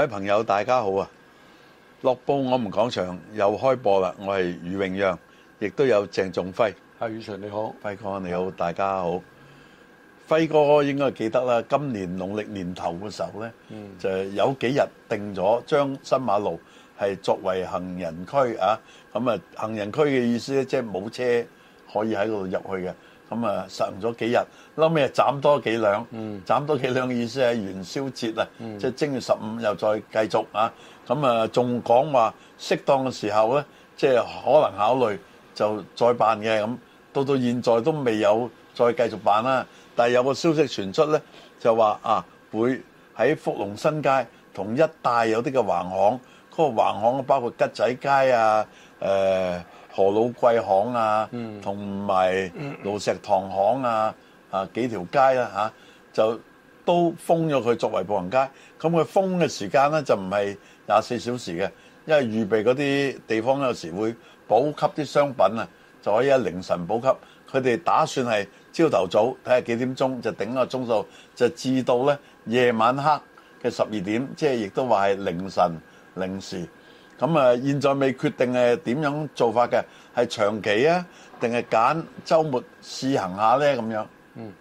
各位朋友，大家好啊！樂報，我們講場又開播啦。我係余榮讓，亦都有鄭仲輝。阿余 Sir 你好，輝哥你好、啊，大家好。輝哥應該記得啦。今年農曆年頭嘅時候咧、嗯，就有幾日定咗將新馬路係作為行人區啊。咁啊，行人區嘅意思咧，即係冇車可以喺度入去嘅。咁啊，實行咗幾日，後尾啊斬多幾兩，斬、嗯、多幾兩嘅意思係元宵節啊，即、嗯、係、就是、正月十五又再繼續啊。咁啊，仲講話適當嘅時候咧，即、就、係、是、可能考慮就再辦嘅。咁到到現在都未有再繼續辦啦。但係有個消息傳出咧，就話啊會喺福隆新街同一帶有啲嘅橫巷，嗰、那個橫巷包括吉仔街啊，誒、呃。河老貴巷啊，同埋爐石塘巷啊，啊幾條街啦、啊啊、就都封咗佢作為步行街。咁佢封嘅時間咧，就唔係廿四小時嘅，因為預備嗰啲地方有時會補給啲商品啊，就可以喺凌晨補給。佢哋打算係朝頭早睇下幾點鐘，就頂一個鐘，就至到咧，夜晚黑嘅十二點，即係亦都話係凌晨零時。咁啊，現在未決定係點樣做法嘅，係長期啊，定係揀週末試行下呢？咁樣。嗯。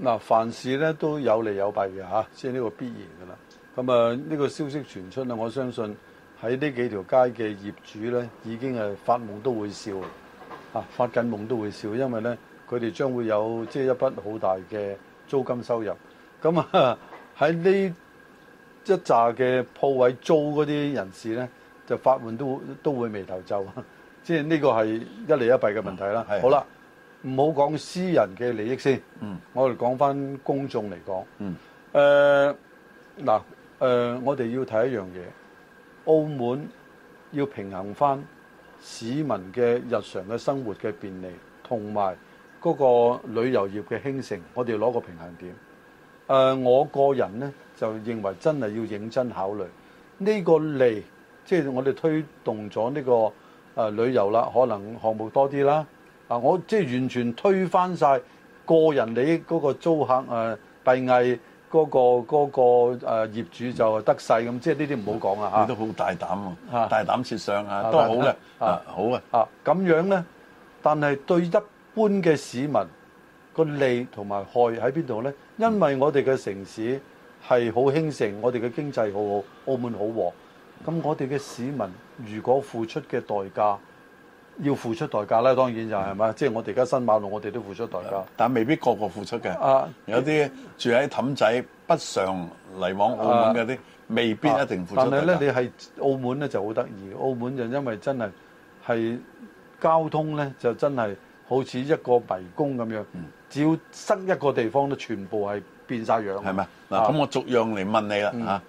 嗱、呃，凡事呢都有利有弊嘅嚇，即係呢個必然㗎啦。咁啊，呢、呢個消息傳出呢，我相信喺呢幾條街嘅業主呢已經係發夢都會笑，啊發緊夢都會笑，因為呢，佢哋將會有即係、就係、一筆好大嘅租金收入。咁啊喺呢一扎嘅鋪位租嗰啲人士呢，就發悶都都會眉頭皺，即係呢個係一利一弊嘅問題啦，嗯。好啦，唔好講私人嘅利益先，嗯我來嗯呃呃呃，我哋講翻公眾嚟講。誒嗱，誒我哋要睇一樣嘢，澳門要平衡翻市民嘅日常嘅生活嘅便利，同埋嗰個旅遊業嘅興盛，我哋要攞個平衡點，呃。誒，呃，我個人呢。就認為真係要認真考慮呢個利，即係我哋推動咗呢個誒旅遊啦，可能項目多啲啦。啊，我即係完全推翻晒個人利益嗰個租客誒閉翳嗰個嗰個業主就得勢咁，即係呢啲唔好講啊嚇。你都好大膽喎，啊，大膽設想啊，啊都好嘅啊，啊，好嘅啊。啊，咁樣呢，但係對一般嘅市民個利同埋害喺邊度呢？因為我哋嘅城市。係好興盛，我哋嘅經濟好好，澳門好旺。咁我哋嘅市民如果付出嘅代價，要付出代價啦，當然就係、是、嘛，即、嗯、係、就是、我哋而家新馬路，我哋都付出代價。但未必個個付出嘅、啊，有啲住喺氹仔不常嚟往澳門嗰啲，啊、未必一定付出、啊啊。但係咧，你係澳門咧就好得意，澳門就因為真係係交通咧，就真係好似一個迷宮咁樣、嗯，只要塞一個地方都全部係。變晒樣係咪？嗱，咁我逐樣嚟問你啦嚇、嗯。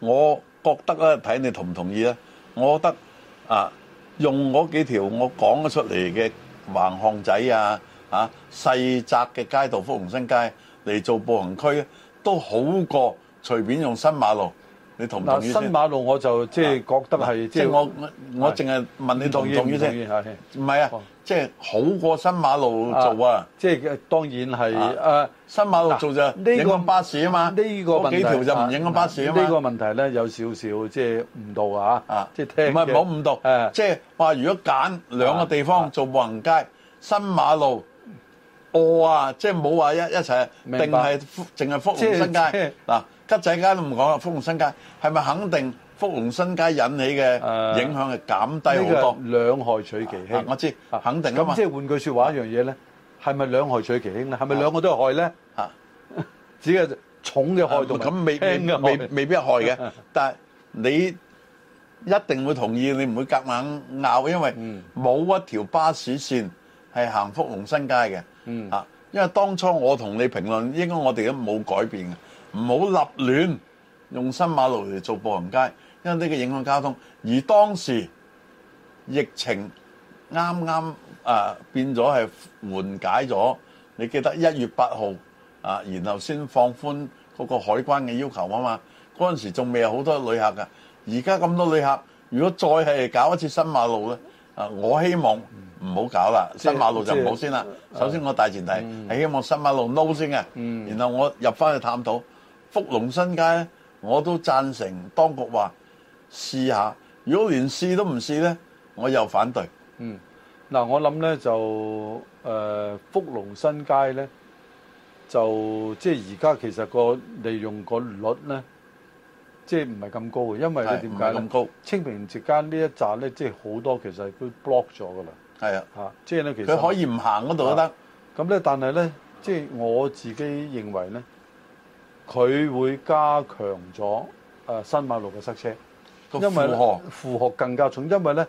我覺得咧，睇你同唔同意咧。我覺得啊，用嗰幾條我講咗出嚟嘅橫巷仔啊，嚇細窄嘅街道，福隆新街嚟做步行區，都好過隨便用新馬路。你同唔同意新馬路我就即係覺得係、啊啊，即係我我我淨係問你同意同意唔係啊，即係、啊就是、好過新馬路做啊！即、啊、係、就是、當然係啊，新馬路做就影緊巴士啊嘛。呢、啊這個這個問題幾就唔影緊巴士啊嘛。呢、啊這個問題咧有少少即係誤導啊！啊，即係聽唔係好誤導。誒，即係話如果揀兩個地方做步行街、啊啊、新馬路，哦啊！即係冇話一一齊，定係淨係福隆新街嗱。啊吉仔街都唔講啦，福隆新街係咪肯定福隆新街引起嘅影響係減低好多？兩、啊、這個、害取其輕、啊，我知、啊、肯定咁啊！即係換句說話，一樣嘢咧，係咪兩害取其輕咧？係咪兩個都係害咧？啊， 只係重嘅害到、啊啊、未輕害未未，未必害嘅、啊，但係你一定會同意，你唔會夾硬拗，因為冇一條巴士線係行福隆新街嘅。嗯、啊、因為當初我同你評論，應該我哋都冇改變嘅。唔好立亂用新馬路嚟做步行街，因為呢個影響交通。而當時疫情啱啱啊變咗係緩解咗，你記得一月八號啊，然後先放寬嗰個海關嘅要求啊嘛。嗰陣時仲未有好多旅客噶，而家咁多旅客，如果再係搞一次新馬路咧啊，我希望唔好搞啦，新馬路就唔好先啦。首先我大前提係、嗯、希望新馬路 no 先嘅，然後我入翻去探討。福隆新街咧，我都贊成當局話試下。如果連試都唔試咧，我又反對。嗯，嗱，我諗咧就誒、呃、福隆新街咧，就即係而家其實個利用個率咧，即係唔係咁高嘅，因為你點解咁唔高。清明節間一呢一紮咧，即係好多其實都 block 咗噶啦。係啊，嚇，即係咧，其實佢可以唔行嗰度都得。咁、啊、咧，但係咧，即係我自己認為咧。佢會加強咗新馬路嘅塞車，因為負荷負荷更加重，因為咧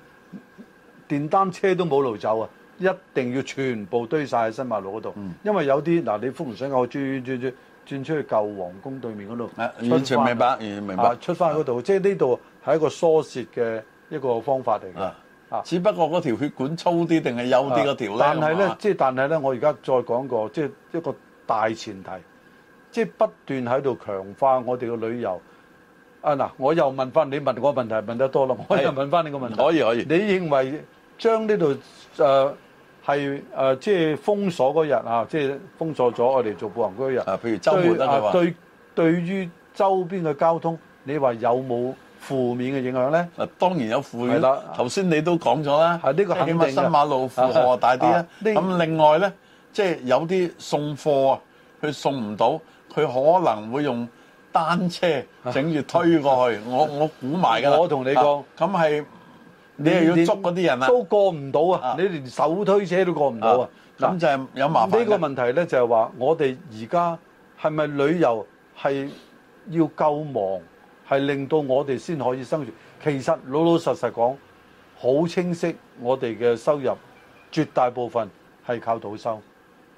電單車都冇路走啊，一定要全部堆晒喺新馬路嗰度。因為有啲嗱，你風唔想我轉轉轉轉出去舊皇宮對面嗰度，完全明白，明白出翻去嗰度，即係呢度係一個疏泄嘅一個方法嚟嘅。啊，只不過嗰條血管粗啲定係幼啲嗰條啦。但係咧，即係但係咧，我而家再講過即係一個大前提。即係不斷喺度強化我哋嘅旅遊啊！嗱，我又問翻你問我問題問得多啦，我又問翻你個問題。可以可以。你認為將呢度誒係誒即係封鎖嗰日啊，即係封鎖咗我哋做步行嗰日啊？譬如週末啊，對對於周邊嘅交通，你話有冇負面嘅影響咧？啊，當然有負面啦。頭先你都講咗啦。係呢個肯定啊。新馬路負荷大啲啊。咁另外咧，即係有啲送貨啊，佢送唔到。佢可能會用單車整住推過去，我我估埋噶。我同你講，咁、啊、係你係要捉嗰啲人啊，都過唔到啊！你連手推車都過唔到啊！咁、啊、就係有麻煩。呢、呢個問題呢，就係話，我哋而家係咪旅遊係要夠忙，係令到我哋先可以生存？其實老老實實講，好清晰，我哋嘅收入絕大部分係靠賭收，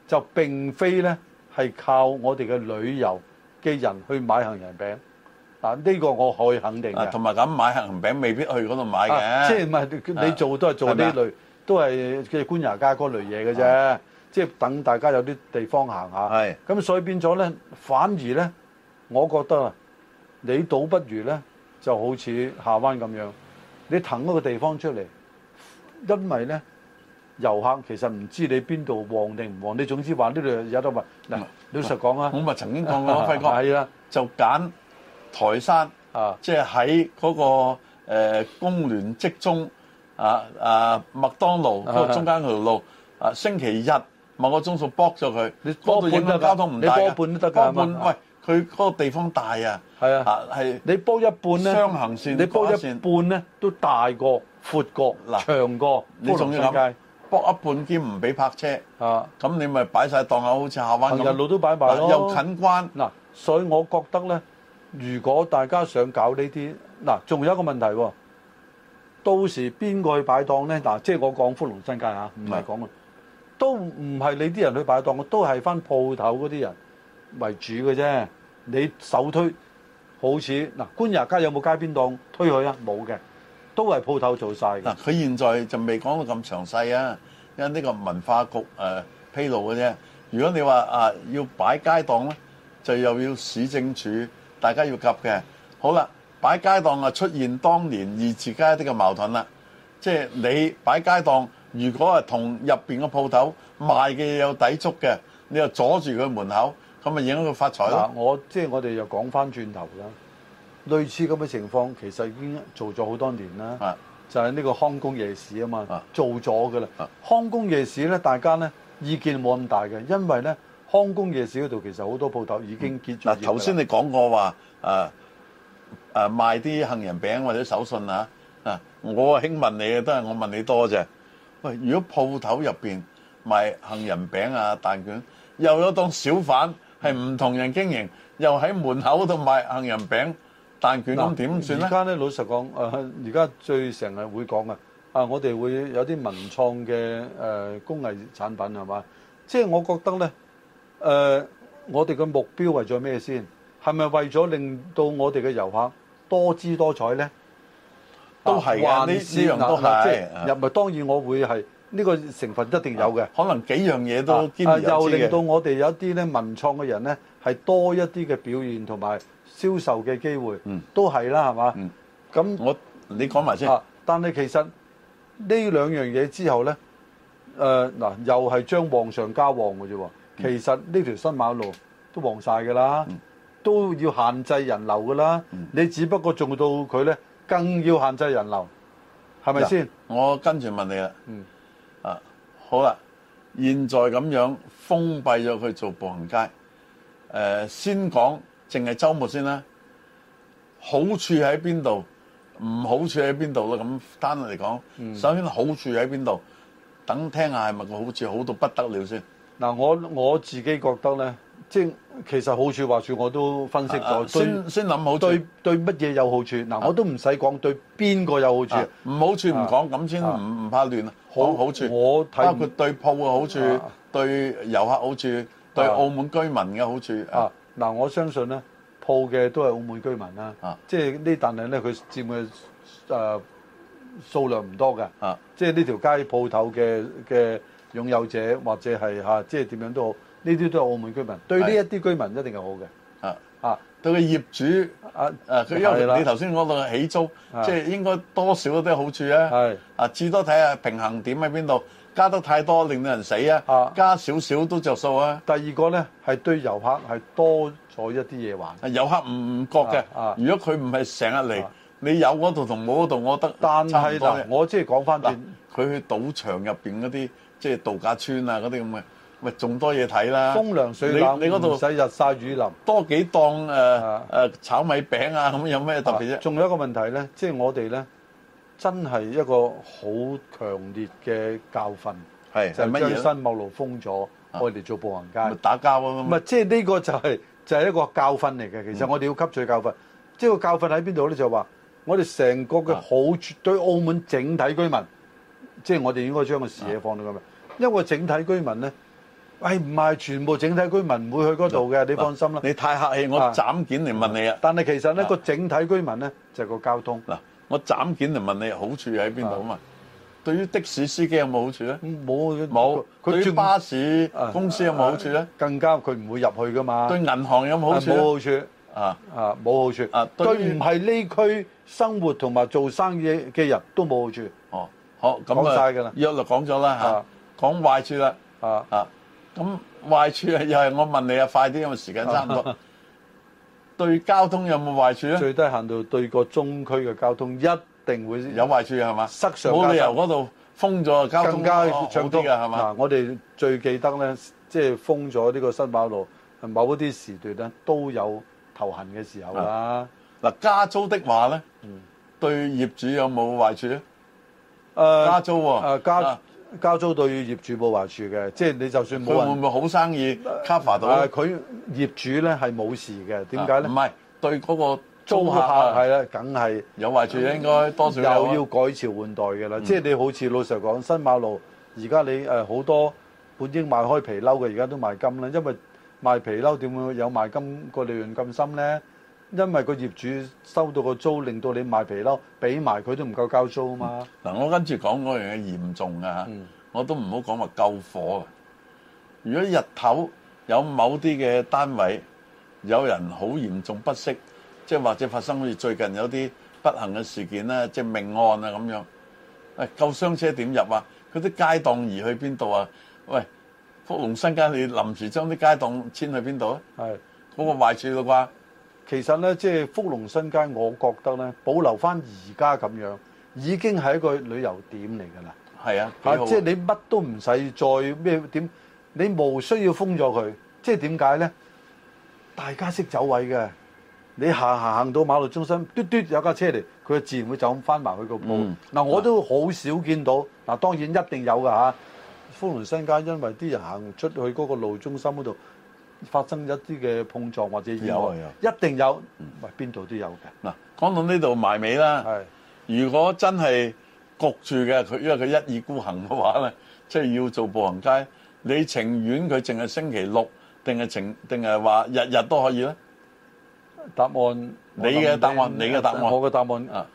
就並非呢。係靠我哋嘅旅遊嘅人去買杏仁餅，嗱，呢個我可以肯定嘅。同埋咁買杏仁餅未必去嗰度買嘅。即係唔係你做都係做呢類，都係嘅官也街嗰類嘢嘅啫。即係等大家有啲地方行下。咁所以變咗咧，反而咧，我覺得啊，你倒不如咧，就好似下環咁樣，你騰一個地方出嚟，因為咧。遊客其實唔知你邊度旺定唔旺，你總之話呢度有得問。嗱，老實講啊，我咪曾經講過，廢話係啦，就揀台山，即係喺嗰個工聯職中啊啊麥當勞嗰個中間嗰條路啊，星期一某個鐘數剝咗佢，你剝半，半，半，半，影響交通唔大，你剝半都得㗎，剝半喂佢嗰個地方大啊，係啊，係你煲一半咧雙行線，你煲一半咧都大過闊過長過，你仲要搏一半兼唔俾泊車，咁你咪擺曬檔口好似下灣咁，行入路都擺埋咯，又近關。嗱，所以我覺得咧，如果大家想搞呢啲，嗱，仲有一個問題喎，到時邊個去擺檔咧？嗱，即係我講福隆新街啊，唔係講啊，都唔係你啲人去擺檔，都係翻鋪頭嗰啲人為主嘅啫。你首推好似嗱，官也街有冇街邊檔？推佢啊，冇嘅。都係鋪頭做晒，嘅、啊。佢現在就未講到咁詳細啊，因呢個文化局誒、呃、披露嘅啫。如果你話啊要擺街檔呢，就又要市政署大家要急嘅。好啦，擺街檔啊出現當年二字街啲嘅矛盾啦，即、就、係、是、你擺街檔，如果係同入邊嘅鋪頭賣嘅嘢有抵觸嘅，你又阻住佢門口，咁咪影響佢發財啦、啊、我即係我哋又講翻轉頭啦。類似咁嘅情況，其實已經做咗好多年啦、啊。就係、是、呢個康公夜市啊嘛，做咗噶啦。康公夜市咧，大家咧意見冇咁大嘅，因為咧康公夜市嗰度其實好多鋪頭已經結咗業啦。頭先、嗯啊、你講過話誒誒賣啲杏仁餅或者手信啊啊，我興問你啊，都係我問你多啫。喂，如果鋪頭入邊賣杏仁餅啊蛋卷，又有當小販係唔同人經營，又喺門口度賣杏仁餅。但卷咁點算咧？而家咧老實講，誒而家最成日會講嘅，啊、呃、我哋會有啲文創嘅誒、呃、工藝產品係嘛？即係我覺得咧，誒、呃、我哋嘅目標為咗咩先？係咪為咗令到我哋嘅遊客多姿多彩咧、啊？都係嘅，四樣都係，又、啊、咪、啊、當然我會係呢、呢個成分一定有嘅、啊，可能幾樣嘢都兼顧住又令到我哋有一啲咧文創嘅人咧，係多一啲嘅表現同埋。銷售嘅機會，都係啦，係、嗯、嘛？咁我你講埋先。啊、但係其實呢兩樣嘢之後咧，誒、呃、嗱，又係將旺上加旺嘅啫、嗯。其實呢條新馬路都旺晒㗎啦、嗯，都要限制人流㗎啦、嗯。你只不過做到佢咧，更要限制人流，係咪先？我跟住問你啦。嗯。啊，好啦，現在咁樣封閉咗佢做步行街，呃、先講。淨係周末先啦，好處喺邊度？唔好處喺邊度啦？咁單嚟講，首先好處喺邊度？等聽下係咪個好處好到不得了先、嗯。嗱，我我自己覺得咧，即係其實好處壞處我都分析咗、啊啊。先先諗好處，對對乜嘢有好處？嗱、啊，我都唔使講對邊個有好處，唔、啊、好處唔講，咁先唔唔怕亂好好處，我睇包括對鋪嘅好處、啊，對遊客好處，啊、對澳門居民嘅好處。啊啊嗱、啊，我相信咧，鋪嘅都係澳門居民啦、啊啊，即係呢，但係咧佢佔嘅誒、呃、數量唔多嘅、啊，即係呢條街鋪頭嘅嘅擁有者或者係嚇、啊，即係點樣都好，呢啲都係澳門居民，對呢一啲居民一定係好嘅，啊，啊，對個業主啊，啊，佢因為你頭先講到起租，即係、就是、應該多少都有好處啊，啊，至多睇下平衡點喺邊度。加得太多令到人死啊！啊加少少都着數啊！第二個咧係對遊客係多咗一啲嘢玩，遊客唔覺嘅、啊。如果佢唔係成日嚟，你有嗰度同冇嗰度，我得。但係就、啊、我即係講翻佢去賭場入邊嗰啲即係度假村啊嗰啲咁嘅，咪仲多嘢睇啦。風涼水冷你嗰度唔使日曬雨淋，多幾檔誒、啊啊啊、炒米餅啊咁，有咩特別啫？仲、啊、有一個問題咧，即、就、係、是、我哋咧。真係一個好強烈嘅教訓，係就乜嘢、是、新馬路封咗，我、啊、哋做步行街，打交啊！唔係即係呢個就係、是、就係、是、一個教訓嚟嘅。其實我哋要吸取教訓，嗯、即係個教訓喺邊度咧？就話我哋成個嘅好對澳門整體居民，啊、即係我哋應該將個視野放到咁樣、啊，因為整體居民咧，誒唔係全部整體居民會去嗰度嘅，你放心啦。你太客氣，啊、我斬件嚟問你啊！啊但係其實呢、啊、個整體居民咧就係、個交通嗱。啊我斬件嚟問你好處喺邊度啊嘛？對於的士司機有冇好處咧？冇、嗯，冇。對於巴士、啊、公司有冇好處咧、啊？更加佢唔會入去噶嘛。對銀行有冇好處？冇好處，啊啊冇好處。啊啊冇好處啊、對唔係呢區生活同埋做生意嘅人都冇好處。哦、啊，好咁啊，講曬㗎啦，一路講咗啦嚇，講壞處啦，啊啊，咁壞處啊又係我問你啊快啲，因為時間差唔多。啊啊對交通有冇壞處咧？最低限度對個中區嘅交通一定會有壞處係嘛？塞上加油嗰度封咗，交通更加啲嘅，㗎係嘛？嗱，我哋最記得咧，即係封咗呢個新馬路，某一啲時段咧都有頭痕嘅時候啊。嗱，加租的話咧，對業主有冇壞處咧？加租啊！加交租對業主冇壞處嘅，即係你就算冇人，佢會唔會好生意 cover 到？佢、啊啊、業主咧係冇事嘅，點解咧？唔、啊、係對嗰個租客係啦，梗係有壞處應該多有。多少又要改朝換代嘅啦，嗯，即係你好似老實講，新馬路而家你誒好、呃、多本應賣開皮褸嘅，而家都賣金啦，因為賣皮褸點會有賣金個利潤咁深咧？因為個業主收到個租，令到你賣皮攪，俾埋佢都唔夠交租啊嘛！嗱、嗯，我跟住講嗰樣嘢嚴重啊、嗯、我都唔好講話救火啊！如果日頭有某啲嘅單位有人好嚴重不適，即係或者發生好似最近有啲不幸嘅事件咧，即係命案啊咁樣，喂、哎，救傷車點入啊？佢啲街檔移去邊度啊？喂，福隆新街你臨時將啲街檔遷去邊度啊？係嗰、嗰個壞處嘞啩？其實咧，即係福隆新街，我覺得咧，保留翻而家咁樣，已經係一個旅遊點嚟㗎啦。係啊，嚇，即係你乜都唔使再咩點，你冇需要封咗佢。即係點解咧？大家識走位嘅，你行行行到馬路中心，嘟嘟有架車嚟，佢自然會走翻埋去個鋪。嗱，我都好少見到。嗱，當然一定有㗎嚇。福隆新街因為啲人行出去嗰個路中心嗰度。發生一啲嘅碰撞或者有一定有，唔係邊度都有嘅。嗱，講到呢度埋尾啦。係，如果真係焗住嘅，佢因為佢一意孤行嘅話咧，即係要做步行街，你情願佢淨係星期六，定係情定係話日日都可以咧？答案，你嘅答案，你嘅答案，我嘅答案啊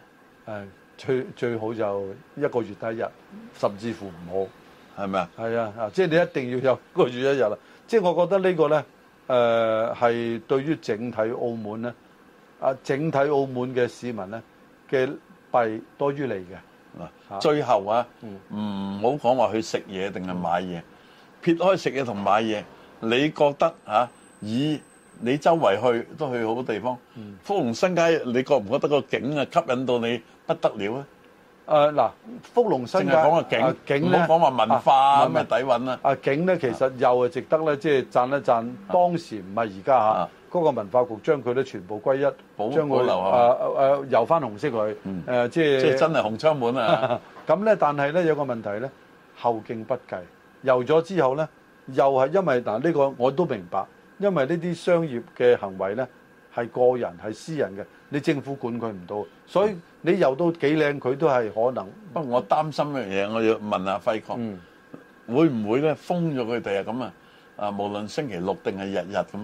，uh, 案 uh, 最最好就一個月得一日，甚至乎唔好，係咪啊？係啊，即係你一定要有一個月一日啦。即係我覺得個呢個咧。誒、呃、係對於整體澳門咧，啊整體澳門嘅市民咧嘅弊多於利嘅，啊最後啊，唔好講話去食嘢定係買嘢，嗯、撇開食嘢同買嘢，你覺得嚇、啊、以你周圍去都去好多地方，嗯、福隆新街你覺唔覺得個景啊吸引到你不得了啊？誒、呃、嗱，福隆新嘅景、啊、景冇講話文化咩底藴啦？啊，啊，啊景咧，其實又係值得咧，即係讚一讚、啊。當時唔係而家嚇，嗰、啊啊嗰個文化局將佢咧全部歸一，保將佢留下、啊，誒遊翻紅色佢誒、嗯啊即係，即係即係真係紅窗門啊！咁、啊、咧，但係咧有個問題咧，後勁不繼遊咗之後咧，又係因為嗱呢、啊呢個我都明白，因為呢啲商業嘅行為咧係個人係私人嘅，你政府管佢唔到，所以，嗯你遊到幾靚，佢都係可能。不過我擔心一樣嘢，我要問下輝哥，會唔會咧封咗佢哋啊？咁啊，啊無論星期六定係日日咁，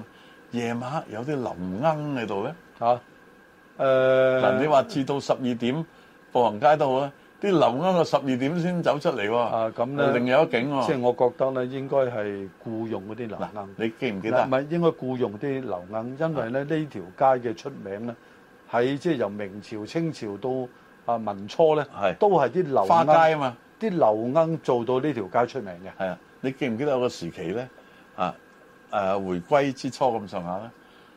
夜晚黑有啲流鶯喺度咧嚇。誒嗱，你話至到十二點步行街都好咧，啲流鶯啊十二點先走出嚟喎。啊咁咧，另有一景喎。即係我覺得咧，應該係僱用嗰啲流鶯。你記唔記得？唔係應該僱用啲流鶯，因為咧呢條街嘅出名咧。喺即係由明朝、清朝到啊民初咧，都係啲流花街啊嘛，啲流鶯做到呢條街出名嘅。係啊，你記唔記得有個時期咧啊？誒、啊，回歸之初咁上下咧，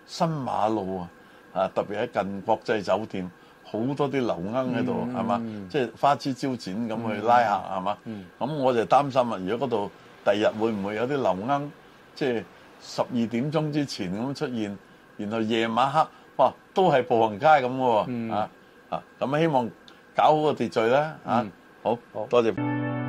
新馬路啊啊，特別喺近國際酒店，好多啲流鶯喺度係嘛，即、嗯、係、就是、花枝招展咁去拉客係嘛。咁我就擔心啊，如果嗰度第日會唔會有啲流鶯，即係十二點鐘之前咁出現，然後夜晚黑。哇，都係步行街咁嘅喎，哦嗯，啊，啊，咁希望搞好個秩序啦，啊，啊，啊，啊好，好，多謝。